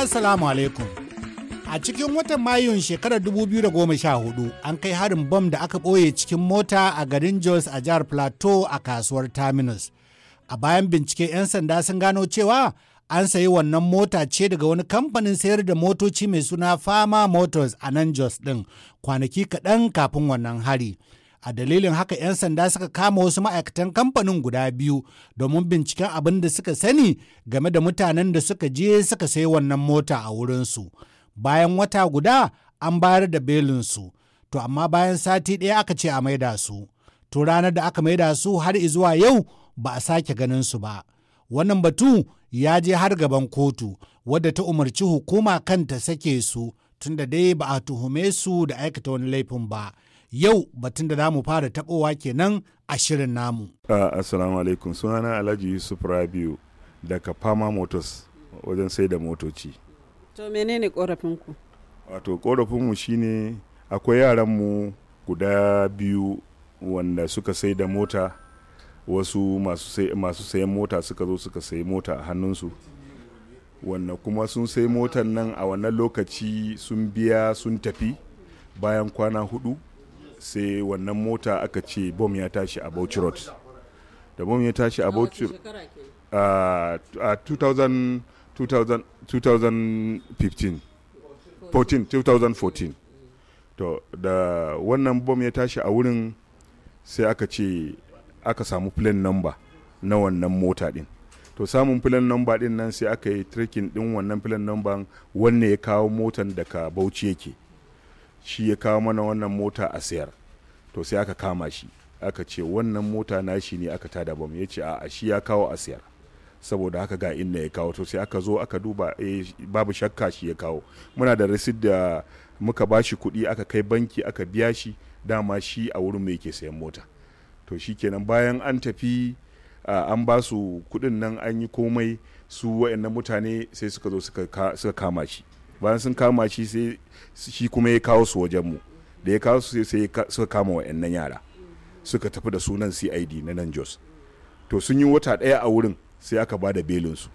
assalamu alaikum a cikin watan mayun shekarar 2014 an kai harin bom da aka ɓoye cikin mota a garin jos a jihar plateau a kasuwar terminus a bayan bincike 'yan sanda sun gano cewa an sayi wannan mota ce daga wani kamfanin sayar da motoci mai suna fama motors a nan jos ɗin kwanaki kaɗan kafin wannan hari. a dalilin haka 'yan sanda suka kama wasu ma'aikatan kamfanin guda biyu domin binciken abin da suka sani game da mutanen da suka je suka sai wannan mota a wurinsu bayan wata guda an bayar da belinsu to amma bayan sati ɗaya aka ce a maida su to ranar da aka maida su har zuwa yau ba a sake ganin su ba wannan batu ya je har gaban kotu wadda ta umarci hukuma kanta sake su tunda dai ba a tuhume su da aikata wani laifin ba. yau batun da zamu fara tabowa kenan a shirin namu. Assalamu alaikum sunana Alhaji Yusuf Rabiu daga Fama Motors wajen sai da motoci. To menene korafinku? Wato korafinmu shine akwai yaranmu guda biyu wanda suka sai da mota wasu masu sayan mota suka zo suka sayi mota a hannunsu. wanda kuma sun sai motan nan a wannan lokaci sun biya sun tafi bayan kwana hudu sai wannan mota aka ce bom ya tashi a Bauchi Road da bom ya tashi a Bauchi a 2015 2014 to da wannan bom ya tashi a wurin sai aka ce aka samu plan number na wannan mota din to samun plan number din nan sai aka yi tracking din wannan plan number wanne ya kawo motan daga bauchi yake shi ya kawo mana wannan mota a sayar to sai aka kama shi aka ce wannan mota na shi ne aka tada bam ya ce a shi ya kawo a sayar saboda haka ga inda ya kawo to sai aka zo aka duba eh, babu shakka shi ya kawo muna da rasid da muka ba shi kuɗi aka kai banki aka biya shi dama shi a wurin mai ke sayan mota to shi kenan bayan an tafi an ba su kuɗin nan an yi komai su wa'annan mutane sai suka zo suka kama shi bayan sun kama shi sai shi kuma ya kawo su wajenmu da ya kawo su sai suka kama wa'annan yara suka tafi da sunan cid na nan jos to sun yi wata ɗaya a wurin sai aka ba da belinsu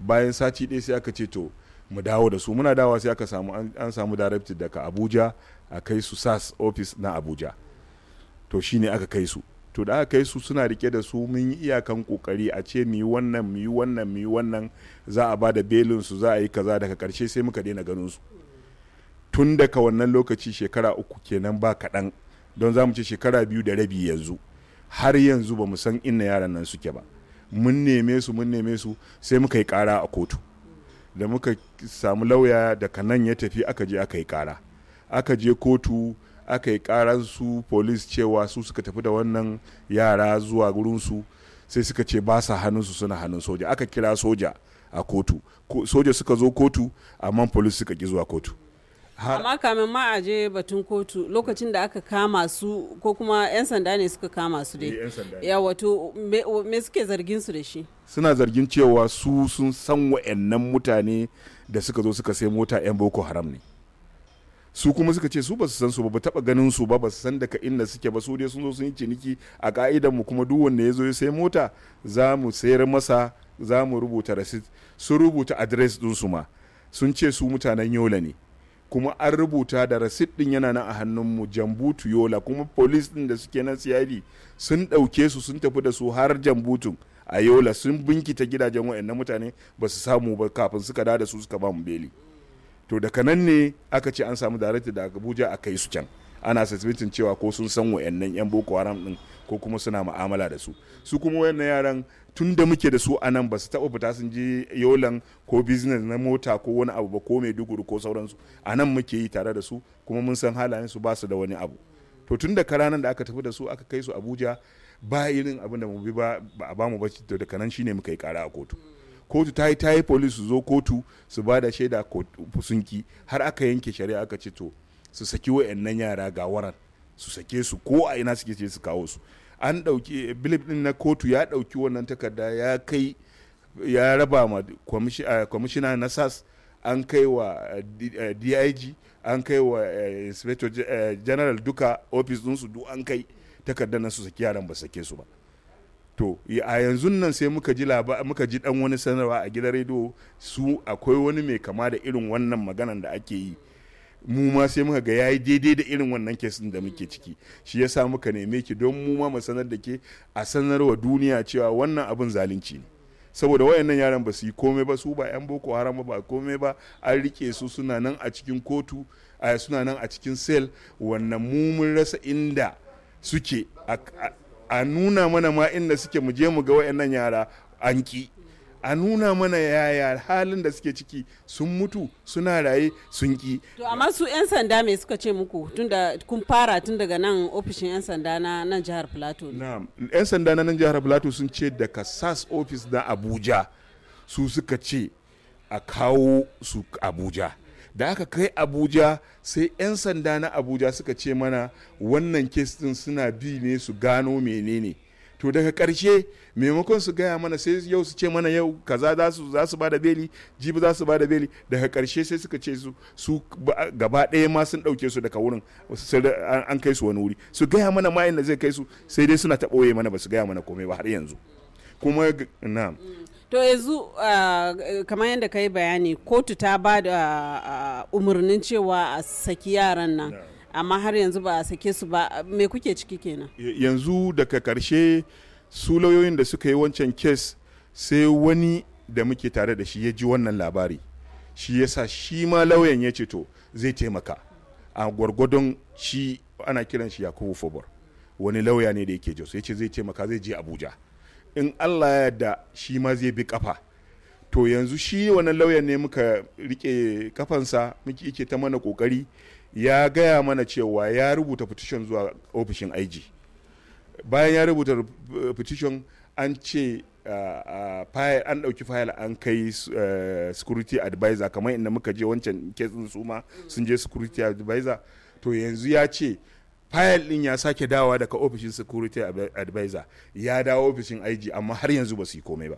bayan sati ɗaya sai aka ce to mu dawo da su muna dawa sai aka samu an samu director daga abuja a kai su sas office na abuja to shine aka kai su to da aka kai su suna rike da su mun yi iyakan kokari a ce mu yi wannan mu yi wannan mu yi wannan za a bada belin su za a yi kaza daga karshe sai muka daina ganin su tun daga wannan lokaci shekara uku kenan ba kaɗan don za mu ce shekara biyu da rabi yanzu har yanzu ba mu san inna yaran nan suke ba mun neme su mun neme su sai muka yi kara a kotu da muka samu lauya daga nan ya tafi aka je aka yi kara aka je kotu aka yi karansu polis cewa su suka tafi da wannan yara zuwa gurinsu sai suka ce ba sa hannunsu suna hannun soja aka kira soja a kotu soja suka zo kotu amma polis suka ki zuwa kotu amma kamin ma a je batun kotu lokacin da aka kama su ko kuma 'yan sanda ne suka kama su dai eh, ya wato me suke zargin su da shi suna zargin cewa su sun san wa'annan mutane da suka zo suka sai mota 'yan boko haram ne su kuma suka ce su ba su san su ba ba taba ganin su ba ba su san daga inda suke ba su dai sun zo sun yi ciniki a ka'idan mu kuma duk wanda ya zo ya sai mota za mu sayar masa za mu rubuta rasit sun rubuta adres din su ma sun ce su mutanen yola ne kuma an rubuta da rasit din yana nan a hannun mu jambutu yola kuma police din da suke nan siyari sun dauke su sun tafi da su har jambutu a yola sun binkita gidajen waɗannan mutane ba su samu ba kafin suka da su suka ba mu beli to daga nan ne aka ce an samu director da abuja a kai su can ana sasbitin cewa ko sun san wayannan yan boko haram din ko kuma suna ma'amala da su su kuma wayannan yaran tun da muke da su a nan ba su taɓa fita sun je yolan ko business na mota ko wani abu ba ko mai duguru ko sauransu a nan muke yi tare da su kuma mun san halayen su ba su da wani abu to tun da karanan da aka tafi da su aka kai su abuja ba irin abin da mu bi ba a bamu ba to daga nan shine muka yi kara a kotu kotu ta yi ta yi police su zo kotu su ba da shaida sunki har aka yanke shari'a aka ce to su saki wa'annan yara ga waran su sake su ko a ina suke ce su kawo su an dauki bilip ɗin na kotu ya ɗauki wannan takarda ya kai ya raba ma kwamishina na sas an kai wa eh, dig eh, an kai wa eh, inspector general duka ofis ɗinsu duk an kai takardar nan su saki yaran ba sake su ba to a yanzu nan sai muka ji muka ji dan wani sanarwa a gidan rediyo su akwai wani mai kama da irin wannan maganan da ake yi mu ma sai muka ga yayi daidai da irin wannan kesin da muke ciki shi yasa muka neme ki don mu ma mu sanar da ke a sanarwa duniya cewa wannan abin zalunci ne saboda wayannan yaran ba su yi komai ba su ba yan boko haram ba komai ba an rike su suna nan a cikin kotu suna nan a cikin sel wannan mu mun rasa inda suke a nuna mana ma inda suke mu je mu ga wayannan yara an ki a nuna mana yaya halin da suke ciki sun mutu suna raye sun ki to amma su yan sanda me suka ce muku tunda kun fara tun daga nan ofishin yan sanda na nan jihar plateau na'am yan sanda na nan jihar plateau sun ce daga sas office na abuja su suka ce a kawo su abuja da aka kai abuja sai 'yan sanda na abuja suka ce mana wannan kes din suna bi ne su gano menene to daga karshe maimakon su gaya mana sai yau su ce mana yau kaza za su za su bada beli jibi za su bada beli daga karshe sai suka ce su su gaba ɗaya ma sun ɗauke su daga wurin an kai su wani wuri su gaya mana ma inda zai kai su sai dai suna ta mana ba su gaya mana komai ba har yanzu kuma na to yanzu ah, kamar yadda ka yi bayani kotu ta ba da ah, umarnin cewa a saki yaran nan amma har yanzu ba a sake su ba me kuke ciki kenan yanzu daga karshe su lauyoyin da suka yi wancan kes sai wani da muke tare da shi ya ji wannan labari shi ya sa shi ma lauyan ya ce to zai taimaka a gwargwadon shi ana kiran shi yakubu fobor wani lauya ne da yake jos ya ce zai taimaka zai je abuja in allah ya yarda shi ma zai bi kafa to yanzu shi wannan lauyan ne muka rike kafansa muke ike ta mana kokari ya gaya mana cewa ya rubuta petition zuwa ofishin IG bayan ya rubuta eh, petition an ce an ɗauki fayil an kai eh, security advisor kamar inda muka je wancan kesin su ma sun je security advisor to yanzu ya ce fayil din ya sake dawowa daga ofishin security advisor ya dawo ofishin IG amma har yanzu ba su yi komai ba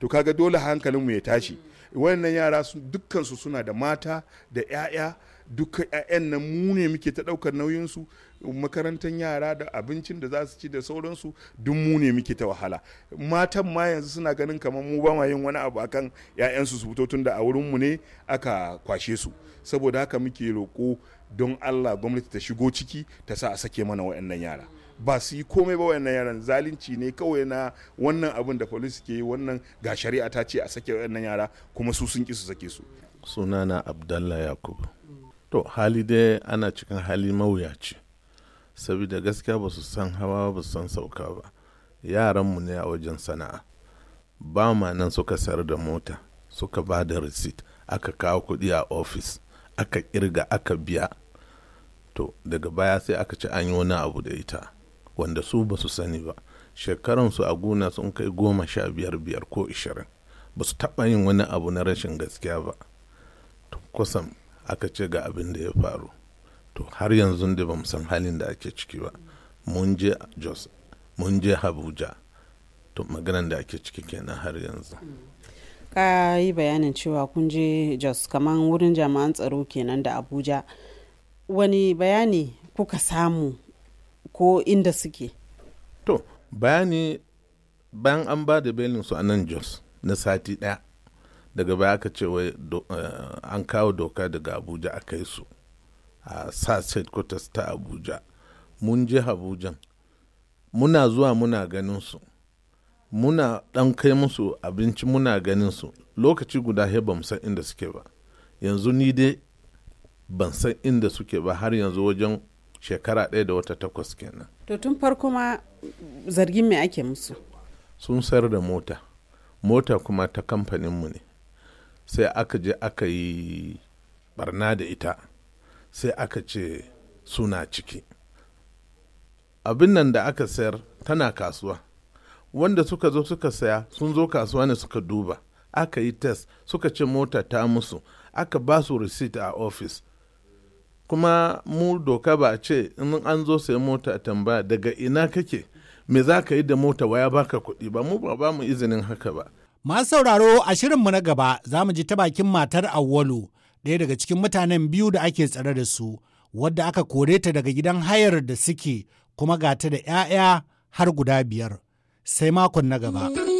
to kaga dole hankalinmu ya tashi wannan yara dukkansu suna da mata da 'ya'ya duka 'ya'yan nan mu ne muke ta ɗaukar nauyinsu makarantar yara da abincin da za su ci da sauransu duk mu ne muke ta wahala matan ma yanzu suna ganin kamar mu ba ma yin wani abu akan 'ya'yansu su fito tun da a wurinmu ne aka kwashe su saboda haka muke roko don allah gwamnati ta shigo ciki ta sa a sake mana waɗannan yara ba su yi komai ba wa'annan yaran zalunci ne kawai na wannan abin da police ke yi wannan ga shari'a ta ce a sake wayannan yara kuma su sun ki su sake su sunana abdallah yakubu to hali dai ana cikin hali mawuyaci saboda gaskiya ba su san hawa ba su san sauka ba yaranmu ne a wajen sana'a ba ma nan suka sayar da mota suka ba da receipt aka kawo kuɗi a ofis aka kirga aka biya to daga baya sai aka ci an yi wani abu da ita wanda su ba su sani ba su a gona sun kai goma sha biyar biyar ko ishirin ba su taɓa yin wani abu na rashin gaskiya ba to kusan aka ce ga abin da ya faru to har yanzu da ba san halin da ake ciki ba mun je jos mun je abuja to maganan da ake ciki kenan har yanzu ka yi bayanin cewa kun je jos kamar wurin jami'an tsaro kenan da abuja wani bayani kuka samu ko inda suke to bayani bayan an ba da belin su a nan jos na sati ɗaya daga baya aka ce wai eh, an kawo doka daga abuja a kai su a south headquarters ta abuja mun je abuja muna zuwa muna ganin su muna dan kai musu abinci muna ganin su lokaci guda he ba inda suke ba yanzu ni dai ban san inda suke ba har yanzu wajen shekara ɗaya da wata takwas kenan to tun farko ma zargin me ake musu sun sayar da mota mota kuma ta kamfaninmu ne sai aka je aka yi barna da ita sai aka ce suna ciki abin nan da aka sayar tana kasuwa wanda suka zo suka saya sun zo kasuwa ne suka duba aka yi test suka ce mota ta musu aka ba su a ofis. kuma mu doka ba a ce in an zo sai mota tambaya daga ina kake me za ka yi da mota waya baka kuɗi ba mu ba ba mu izinin haka ba. Masu sauraro a shirin mu na gaba za mu ji ta bakin matar Awwalu ɗaya daga cikin mutanen biyu da ake tsare da su wadda aka kore ta daga gidan hayar da suke kuma gata da 'ya'ya har guda biyar sai makon na gaba.